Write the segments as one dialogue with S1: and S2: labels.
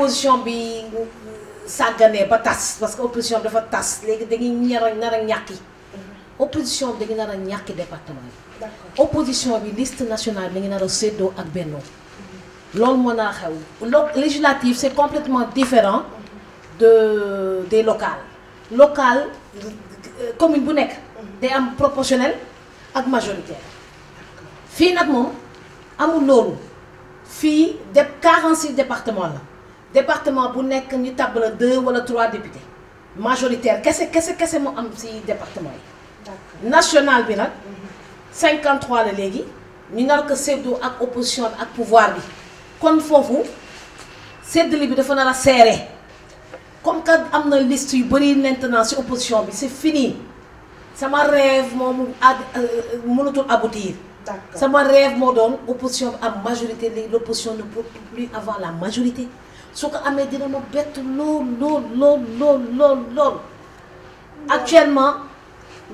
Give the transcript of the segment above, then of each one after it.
S1: opposition bi sàgganee ba tas parce que opposition bi dafa tas léegi dañuy nar a nar a ñàkki mhm. opposition bi dañu nar a ñàkki département bi opposition bi liste national bi dañu nar a séddoo ak bennoo loolu moo naa xew lo législative c'est complètement différent de des locales locale commune bu nekk day am proportionnel ak majoritaire fii nag moom amul loolu fii de 46 département la département bu nekk ñu tabb la deux wala trois députés majoritaire kese kese kese mu am si département yi. national bi nag. 53 mhm. la léegi ñu nar ko séddoo ak opposition ak pouvoir bi kon foofu séddale bi dafa nar a serré comme que am na liste yu bëri maintenant si opposition bi c'est fini sama rêve moom ad euh, mënatul aboutir. d'accord sama rêve moo doon opposition bi am majorité léegi l'opposition ne peut plus avoir la majorité. su ko amee dina ma bett lool lool lool lool lool actuellement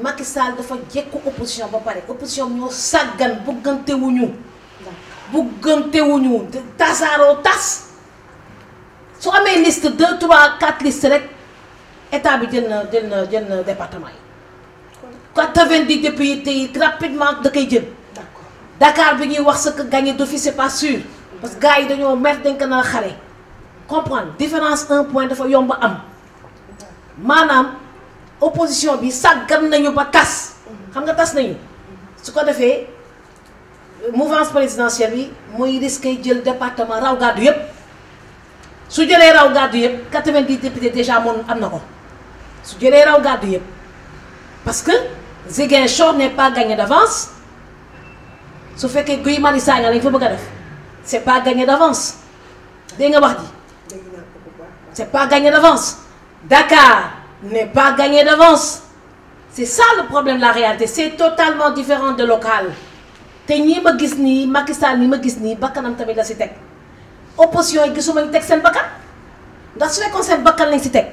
S1: Macky Sall dafa jekku opposition ba pare opposition ñoo sàggan bëggantewuñu bëggantewuñu tasaaroo tas su amee liste de trois quatre liste rek état bi jël na jël na jël na département yi quatre-vingt-dix députés yi rapidement da koy jël dakaar bi ñuy wax sa que gagné d'office c'est pas sûr parce que yi dañoo mer dañ ko nar a xare comprendre différence un point dafa yomb am maanaam opposition bi sàggan nañu ba tas xam nga tas nañu su ko defee mouvance présidentielle bi muy risqué jël département raw gàddu yépp su jëlee raw gàddu yépp 90 députés déjà moom am na ko su jëlee raw gàddu yépp parce que Ziguinchor n'est pas gagné d'avance su fekkee Guy Marius Sagna lañ fa bëgg a def c'est pas gagné d'avance dégg nga wax ji c'est pas gagné d'avance Dakar n'est pas gagné d'avance c'est ça le problème la réalité c'est totalement différent de local te ñii ma gis nii Macky Sall nii ma gis nii bakkanam tamit la si teg opposition yi gisuma ñu teg seen bakkan ndax su fekkoon seen bakkan lañ si teg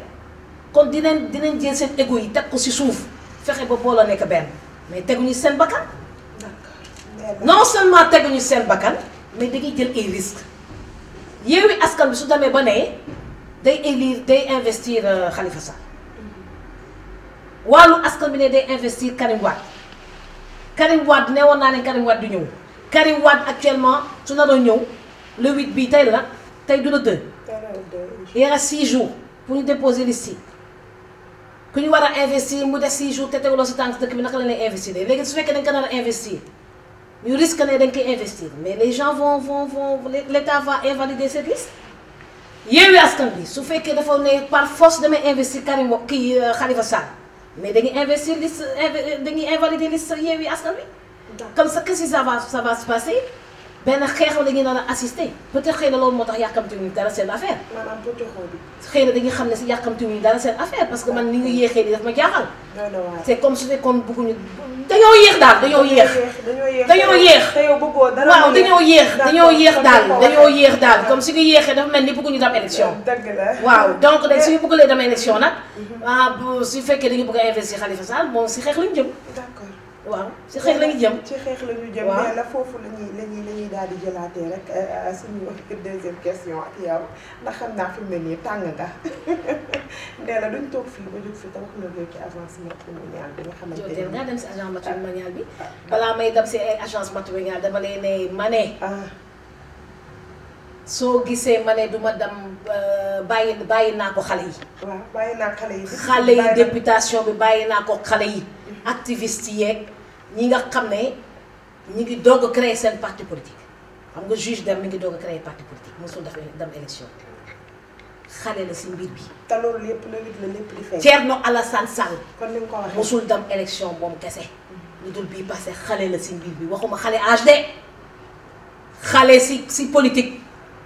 S1: kon dinañ dinañ jël seen égo yi teg ko si suuf fexe ba booloo nekk benn mais teguñu seen bakkan non seulement teguñu seen bakkan mais dañuy jël ay risques Yewwi Askan Wi su demee ba ne day élire day investir euh, Khalifa Sall wàllu askan bi ne day investir Karim Wade Karim Wade ne woon naa ne Karim Wade du ñëw Karim Wade actuellement su naroon ñëw le 8 bii tey la tey du le 2. il y jours pour ñu déposer liste yi ku ñu war a investir mu des 6 jours te teewloo si tànk dëkk bi naka la lay investir léegi su fekkee dañ ko investir ñu risque ne dañ koy investir mais les gens vont vont vont l'État va invalider cette Yewwi Askan bi su fekkee dafa ne par force damay investir Karim Wa kii euh, Khalifa Sall mais dañuy investir liste euh, dañuy invalider liste Yewwi Askan Wi. comme ça que si ça va ça benn xeexam dañuy nar a assister peut-être xëy moo tax yàkkamtiwuñu dara seen affaire. maanaam poteau xam ne si yàkkamtiwuñu dara seen affaire parce que man ni ñu yéexee nii daf ma jaaxal. c'est comme su fekkoon bëgguñu dañoo yéex daal dañoo yéex. dañoo yéex waaw dañoo yéex dañoo yéex daal dañoo yéex daal comme suñu yéexee dafa mel ni bëgguñu dem élection. dëgg la waaw donc nag suñu bëggulee dem élection nag. Mhm. ah bu su fekkee dañu bëgg a investir Khalifa Sall moom si xeex lañu jëm. waaw ci xeex la ñu jëm ci xeex la ñu la foofu la ñuy la ñuy la ñuy daal di jëlaatee rek euh, euh, suñu deuxième question ak yow ndax xam naa fi ne nii tàng nga nee la duñ toog fii ba jóg fii tam wax nga léegi agence matrimoniale bi nga xamante ne. bi balaa may dem si ay agence matrimoniale dama lay ne ma mane ah. soo gisee mane ne du ma dem euh, bàyyi bàyyi naa ko xale yi. waaw bàyyi xale yi. xale yi députation bi bàyyi naa ko xale yi. activiste yeeg ñi nga xam ne ñu ngi doog a créer seen parti politique xam nga juge dem mi ngi doog a créer parti politique mosul def dem élection xale la si mbir bi. te loolu lépp la nit la lépp di fay. Thierno Alassane Sall. kon ni mu ko dem élection moom kese. Mhm. lu dul bii passé xale la si mbir bi waxuma xale âge de xale si si politique.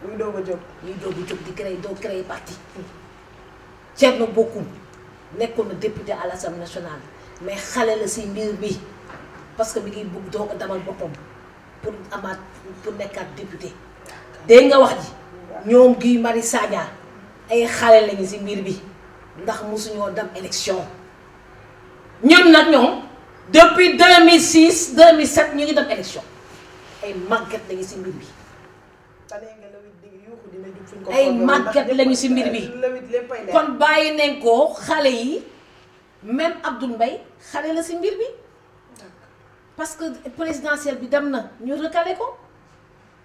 S1: muy doog a jóg muy doog a di créer doo créer parti Thierno Bocoum nekkoon na député à l'Assemblée nationale. mais xale la si mbir bi parce que mi ngi bugg doog a damal boppam pour amaat pour nekkaat député dégg nga wax ji ñoom Guy Marius Sagna ay xale lañu si mbir bi ndax mosuñoo dem élection ñun nag ñoom depuis 2006 2007 ñu ngi dem élection ay màgget lañu si mbir bi. ay màgget lañu si mbir bi kon bàyyi nañ ko xale yi. même Abdoul Mbaye xale la si mbir bi parce que présidentielle bi dem na ñu recalé ko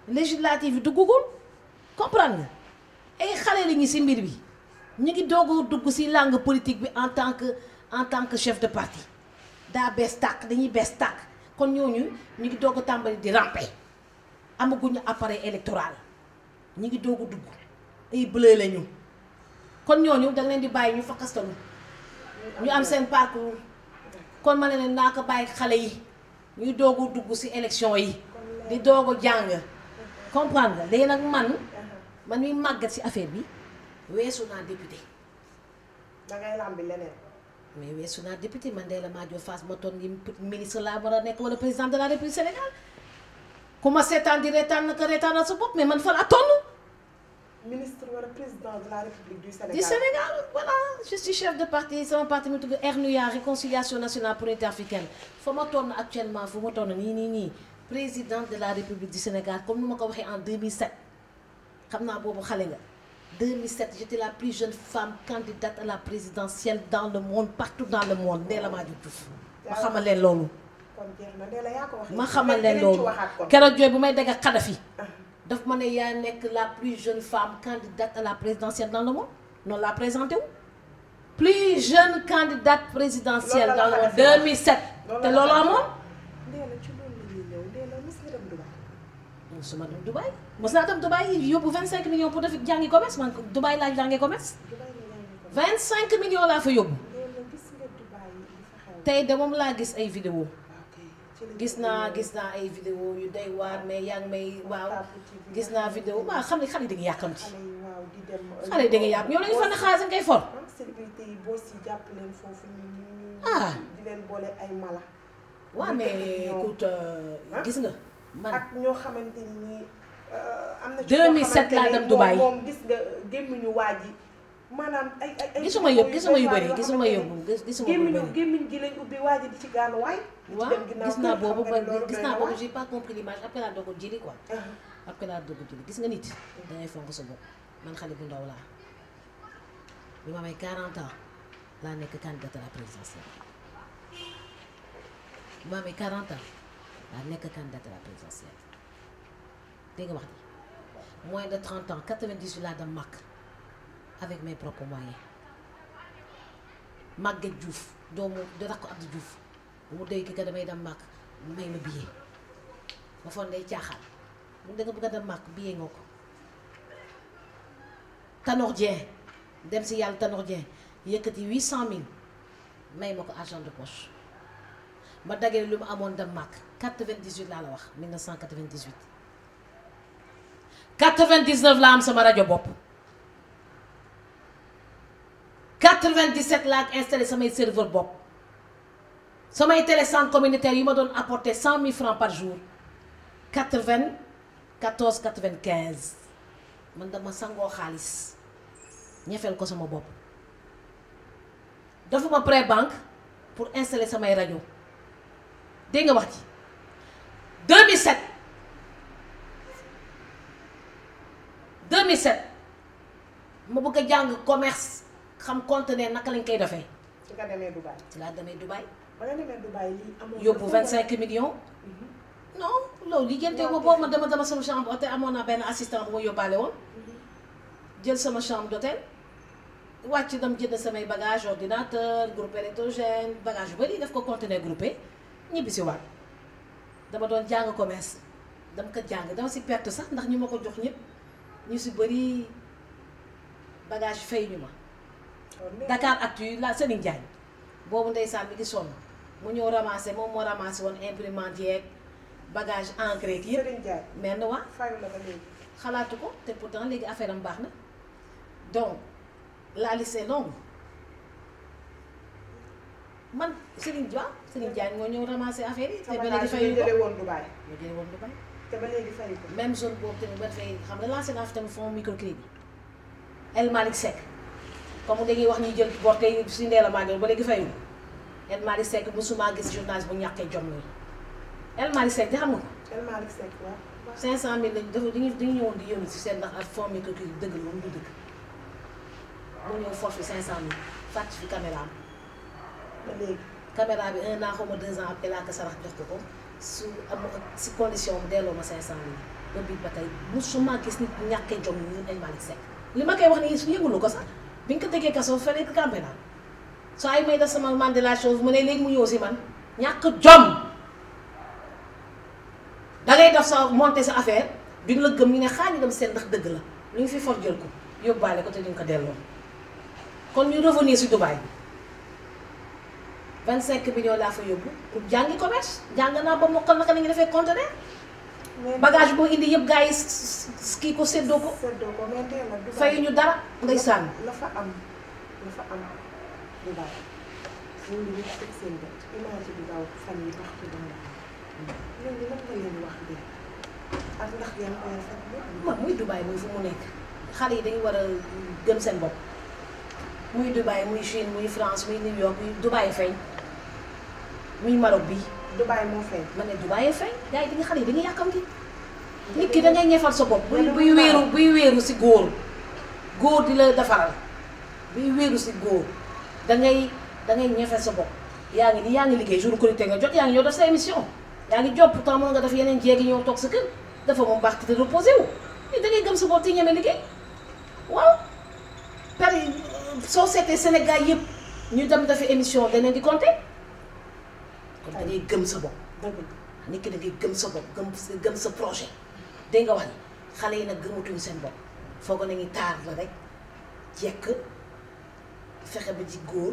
S1: législative bi duggugul comprendre nga ay xale la ñu si mbir bi ñu ngi doog dugg si langue politique bi en tant que en tant que chef de parti daa bees tàkk dañuy bees tàkk kon ñooñu ñu ngi doog tàmbali di ramper amaguñu appareil électoral ñu ngi doog a dugg ay bleu la ñu kon ñooñu da leen di bàyyi ñu fakkastalu ñu am seen parcours kon ma ne leen naa ko bàyyi xale yi ñuy doog a dugg si élection yi di doog a jàng comprendre nga léegi nag man man ñuy màggat si affaire bi weesu naa député. da ngay làmbi leneen. mais weesu naa député man de la Madior Fass ma toog ni ministre laa war a nekk wala président de la république Sénégal ku ma seetaan di reetaan naka reetaanal sa bopp mais man fan a tonn. ministre wala président de la république du Sénégal. du Sénégal voilà je suis chef de parti sama parti mu tudd RNUA réconciliation nationale pour interafricaine fa ma toll actuellement fu ma toll nii nii nii président de la république du Sénégal comme ni ma ko waxee en 2007 xam naa boobu xale nga 2007 j'étais la plus jeune femme candidate à la présidentielle dans le monde partout dans le monde Ndella Madior Diouf ma xamal leen loolu. ma xamal leen loolu keroog jooy bu may dégg ak daf ma ne yaa nekk la plus jeune femme candidate à la présidentielle dans le monde noonu laa présenté wu plus jeune candidate présidentielle dans le monde 2007 te loolu amoon musuma dem Dubaï mos naa dem Dubaï yóbbu 25 millions pour def jàngi commerce man Dubaï laa jàngi commerce 25 millions laa fa yóbbu tey de moom laa gis ay vidéo gis naa gis naa ay vidéo yu day waar mais yaa ngi may gis naa vidéo waaw xam ne xale yi da nga yàkkamti xale yi da nga yàq ñoo lañu fa na xaalis ngay for ah
S2: waaw mais écoute
S1: euh, gis nga man ak ñoo xamante euh, am na 2007 laa dem Dubaï moom gis nga gémmiñu waa ji maanaam ay ay gisuma yëpp gisuma yu bëri gisuma yëpp gisuma yu bëri gémmiñ gi lañ ubbi waa ji di ci waaw gis naa boobu ba gis naa boobu j'ai pas compris l'image après laa doog a jëli quoi uh-huh. après laa doog a jëli gis nga nit dangay fonk sa bopp man xale bu ndaw laa bi ma may 40 ans laa nekk candidate à la présidentielle bi ma may 40 ans laa nekk candidate à la présidentielle dégg nga wax ji moins de 30 ans 98 laa dem màkk avec mes propres moyens Maguette Diouf doomu rakku Abdou Diouf mu dey ki ka damay dem màkk may ma billet ma foon day caaxaan mu da nga bëgg a dem màkk billet nga ko Tanor Dieng dem si yàlla tanox Dieng yëkkati huit cent mille may ma ko argent de poche ma dagale lu mu amoon dem màkk quatre-vingt-dix-huit laa la wax 1998 99 laa am sama rajo bopp 97 laa installé samay serveur bopp samay télécentre communautaire yi ma doon apporter cent mille francs par jour quatre vingt quatorze quatre vingt quinze man dama sangoo xaalis ñefeel ko sama bopp dafa ma prêt banque pour installer samay rajo dégg nga wax ci 2007 2007 ma bëgg a jàng commerce xam conteneur naka lañ koy defee. ci nga demee Dubaï. ci laa demee Dubaï. yóbbu 25 millions. Mhm. non loolu liggéeyante ko boo ma dama dama sama chambre hôtel amoon naa benn assistant bu ma yóbbaale woon. Mhm. jël sama chambre d'hôtel wàcc jël jënd samay bagage ordinateur groupe électrogène bagage bari bëri daf ko conteneur groupé ñibbi si waat dama doon jàng commerce dama ko jàng dama si perte sax ndax ñu ma ko jox ñëpp ñu si bëri bagage fay ñu ma Dakar Actu la seeni Diagne boobu ndeysaan mi ngi sonn mu ñëw ramasser moom moo ramasser woon imprimante yeeg bagage encre yi yëpp. mel na waa fayu la ba léegi. xalaatu ko te pour pourtant léegi affaire am baax na donc la liste est longue man Serigne Dia Serigne Dia moo ñëw ramasser affaire yi. te te ba léegi fayu ko. même zone boobu tamit ba fay xam nga lancé naa fi tamit fonds microcrédit El Malick Seck comme da wax ñuy jël borté si la Maguette ba léegi fayu ko. El Malick Seck musuma gis journaliste bu ñàkkee jom nii El Malick Seck di xam nga ko. El Malick lañ dafa dañuy dañu ñëwoon di si seen ndax ak formé ko kii dëgg la moom du dëgg mu ñëw forfait 500000 fàcc fi caméra bi un an xaw ma deux ans après laa ko sarax ko ko su am delloo ma 500000 ba biir ba tey musuma gis nit ñàkkee jom nii El Malick li ma koy wax nii su yëgulu ko sax bi nga ko déggee feneen caméra saa yi may def sama man de la chose mu ne léegi mu ñëw si man ñàkk jom dangay def sa monter sa affaire duñ la gëm ñu ne xaar ñu dem seen ndax dëgg la lu ñu fi for ko yóbbaale ko te duñ ko delloo kon ñu revenir si Dubaï 25 millions laa fa yóbbu pour jàngi commerce jàng naa ba mokkal naka la ñu defee conteneur bagage boo indi yëpp gars yi kii ko séddoo ko. séddoo ñu dara ndeysaan. la am. bu baax wax bi ak ndax muy Dubaï muy fu mu nekk xale yi dañu war a gëm seen bopp muy Dubaï muy Chine muy France muy New York muy Dubaï feeñ muy Maroc bi Dubaï moo feeñ. ma ne Dubaï feeñ gars yi dañuy xale yi dañuy yàkkamti. nit ki da ngay ñefal sa bopp. buy buy wéeru buy wéeru si góor góor di la defaral buy wéeru si góor. da ngay da ngay sa bopp yaa ngi ni yaa ngi liggéey jour korité nga jot yaa ngi ñëw def sa émission yaa ngi job pourtant mën nga def yeneen jéegi ñëw toog sa kër dafa moom baax te da ngay gëm sa bopp te ñeme liggéey waaw par soo seetee Sénégal yëpp ñu dem dafa émission leneen di compté kon gëm sa bopp nit ki da gëm sa bopp gëm gëm sa projet dégg nga wax ni xale yi nag gëmatuñu seen bopp foog nañu taar la rek jekk fexe bi ci góor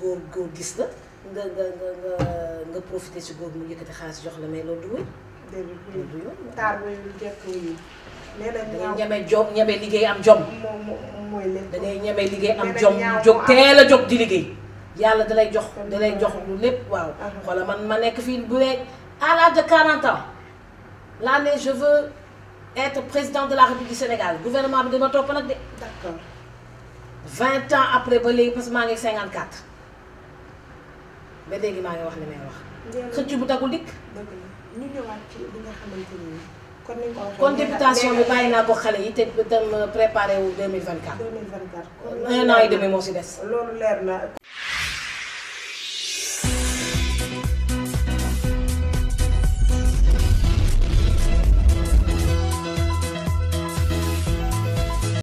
S1: góor góor gis la nga nga nga nga nga profité si góor mu yëkkati xaalis jox la mais loolu du wéy. déedéet du yoon taar yi. nee na ñaaw da liggéey am jom. moom mooy lépp da ngay liggéey am jom jóg teel a di liggéey. yàlla dalay jox dalay jox lu lépp waaw. xoolal man ma nekk fii bu dee à l'âge de 40 ans l'année je veux être président de la République du Sénégal gouvernement bi dama topp nag de. vingt ans après ba léegi parce que maa ngi cinquante quatre ba léegi maa ngi wax li may wax. xëcc bu tagul dikk. ñu ñëwaat ci li kon ni ko waxee. kon députation bi bàyyi naa ko xale yi te dem préparé wu deux mille vingt quatre. deux mille vingt moo si des. loolu leer